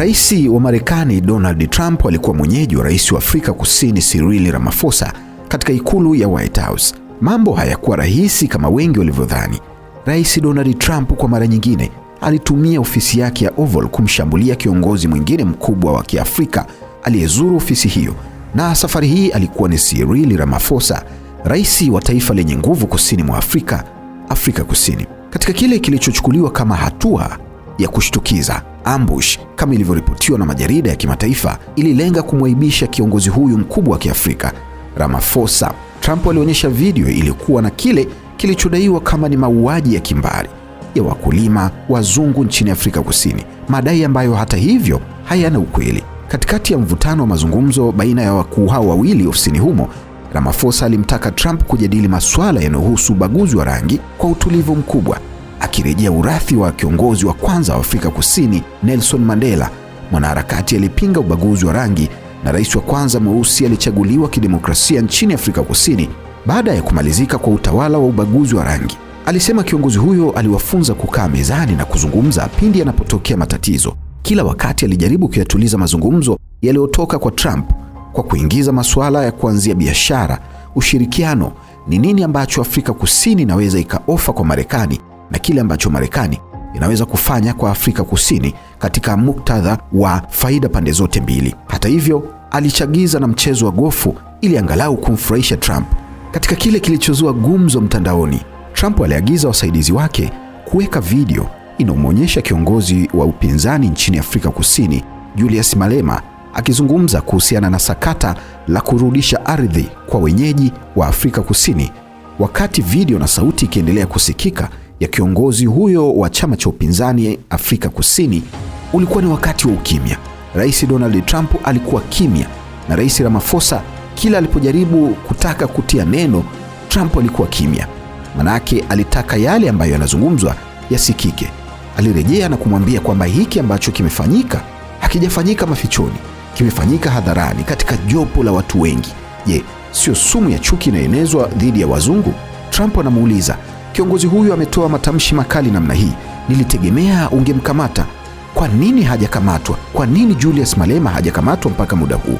Rais wa Marekani Donald Trump alikuwa mwenyeji wa rais wa Afrika Kusini Cyril Ramaphosa katika ikulu ya White House. Mambo hayakuwa rahisi kama wengi walivyodhani. Rais Donald Trump kwa mara nyingine alitumia ofisi yake ya Oval kumshambulia kiongozi mwingine mkubwa wa Kiafrika aliyezuru ofisi hiyo, na safari hii alikuwa ni Cyril Ramaphosa, rais wa taifa lenye nguvu kusini mwa Afrika, Afrika Kusini. Katika kile kilichochukuliwa kama hatua ya kushtukiza, ambush kama ilivyoripotiwa na majarida ya kimataifa ililenga kumwaibisha kiongozi huyu mkubwa wa Kiafrika Ramaphosa. Trump alionyesha video iliyokuwa na kile kilichodaiwa kama ni mauaji ya kimbari ya wakulima wazungu nchini Afrika Kusini, madai ambayo hata hivyo hayana ukweli. Katikati ya mvutano wa mazungumzo baina ya wakuu hao wawili ofisini humo, Ramaphosa alimtaka Trump kujadili masuala yanayohusu ubaguzi wa rangi kwa utulivu mkubwa akirejea urathi wa kiongozi wa kwanza wa Afrika Kusini Nelson Mandela, mwanaharakati aliyepinga ubaguzi wa rangi na rais wa kwanza mweusi alichaguliwa kidemokrasia nchini Afrika Kusini baada ya kumalizika kwa utawala wa ubaguzi wa rangi. Alisema kiongozi huyo aliwafunza kukaa mezani na kuzungumza pindi yanapotokea matatizo. Kila wakati alijaribu kuyatuliza mazungumzo yaliyotoka kwa Trump kwa kuingiza masuala ya kuanzia biashara, ushirikiano, ni nini ambacho Afrika Kusini inaweza ikaofa kwa Marekani na kile ambacho Marekani inaweza kufanya kwa Afrika Kusini katika muktadha wa faida pande zote mbili. Hata hivyo, alichagiza na mchezo wa gofu ili angalau kumfurahisha Trump. Katika kile kilichozua gumzo mtandaoni, Trump aliagiza wasaidizi wake kuweka video inayomwonyesha kiongozi wa upinzani nchini Afrika Kusini, Julius Malema akizungumza kuhusiana na sakata la kurudisha ardhi kwa wenyeji wa Afrika Kusini. Wakati video na sauti ikiendelea kusikika, ya kiongozi huyo wa chama cha upinzani Afrika Kusini ulikuwa ni wakati wa ukimya. Rais Donald Trump alikuwa kimya, na Rais Ramaphosa kila alipojaribu kutaka kutia neno, Trump alikuwa kimya. Manake alitaka yale ambayo yanazungumzwa yasikike. Alirejea na kumwambia kwamba hiki ambacho kimefanyika hakijafanyika mafichoni, kimefanyika hadharani katika jopo la watu wengi. Je, sio sumu ya chuki inayoenezwa dhidi ya wazungu? Trump anamuuliza Kiongozi huyu ametoa matamshi makali namna hii, nilitegemea ungemkamata. Kwa nini hajakamatwa? Kwa nini Julius Malema hajakamatwa mpaka muda huu?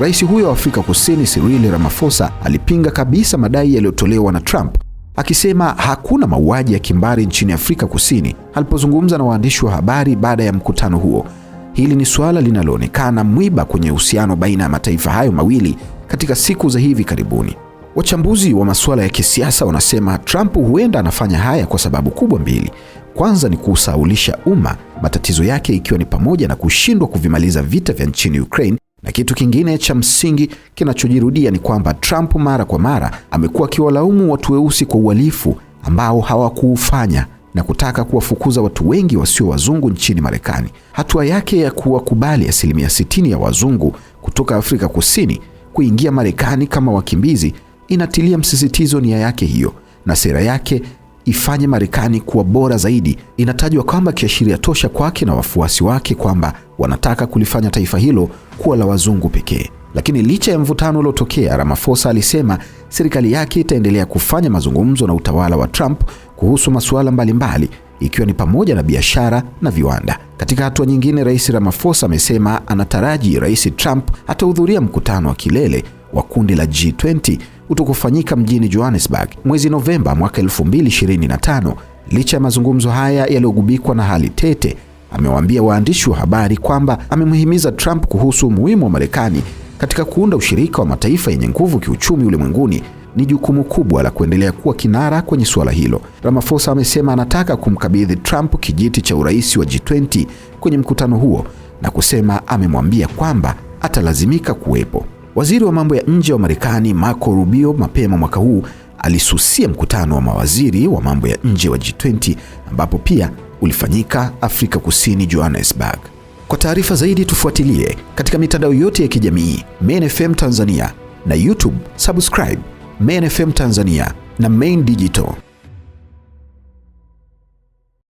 Rais huyo wa Afrika Kusini Cyril Ramaphosa alipinga kabisa madai yaliyotolewa na Trump akisema hakuna mauaji ya kimbari nchini Afrika Kusini alipozungumza na waandishi wa habari baada ya mkutano huo. Hili ni suala linaloonekana mwiba kwenye uhusiano baina ya mataifa hayo mawili katika siku za hivi karibuni. Wachambuzi wa masuala ya kisiasa wanasema Trump huenda anafanya haya kwa sababu kubwa mbili. Kwanza ni kuusaulisha umma matatizo yake, ikiwa ni pamoja na kushindwa kuvimaliza vita vya nchini Ukraine, na kitu kingine cha msingi kinachojirudia ni kwamba Trump mara kwa mara amekuwa akiwalaumu watu weusi kwa uhalifu ambao hawakuufanya na kutaka kuwafukuza watu wengi wasio wazungu nchini Marekani. Hatua yake ya kuwakubali asilimia 60 ya wazungu kutoka Afrika Kusini kuingia Marekani kama wakimbizi inatilia msisitizo nia yake hiyo na sera yake ifanye Marekani kuwa bora zaidi. Inatajwa kwamba kiashiria tosha kwake na wafuasi wake kwamba wanataka kulifanya taifa hilo kuwa la wazungu pekee. Lakini licha ya mvutano uliotokea, Ramaphosa alisema serikali yake itaendelea kufanya mazungumzo na utawala wa Trump kuhusu masuala mbalimbali ikiwa ni pamoja na biashara na viwanda. Katika hatua nyingine, Rais Ramaphosa amesema anataraji Rais Trump atahudhuria mkutano wa kilele wa kundi la G20 utakofanyika mjini Johannesburg mwezi Novemba mwaka 2025. Licha ya mazungumzo haya yaliyogubikwa na hali tete, amewaambia waandishi wa habari kwamba amemhimiza Trump kuhusu umuhimu wa Marekani katika kuunda ushirika wa mataifa yenye nguvu kiuchumi ulimwenguni ni jukumu kubwa la kuendelea kuwa kinara kwenye suala hilo. Ramaphosa amesema anataka kumkabidhi Trump kijiti cha urais wa G20 kwenye mkutano huo na kusema amemwambia kwamba atalazimika kuwepo. Waziri wa mambo ya nje wa Marekani Marco Rubio mapema mwaka huu alisusia mkutano wa mawaziri wa mambo ya nje wa G20 ambapo pia ulifanyika Afrika Kusini, Johannesburg. Kwa taarifa zaidi tufuatilie katika mitandao yote ya kijamii Main FM Tanzania na YouTube, subscribe Main FM Tanzania na Main Digital.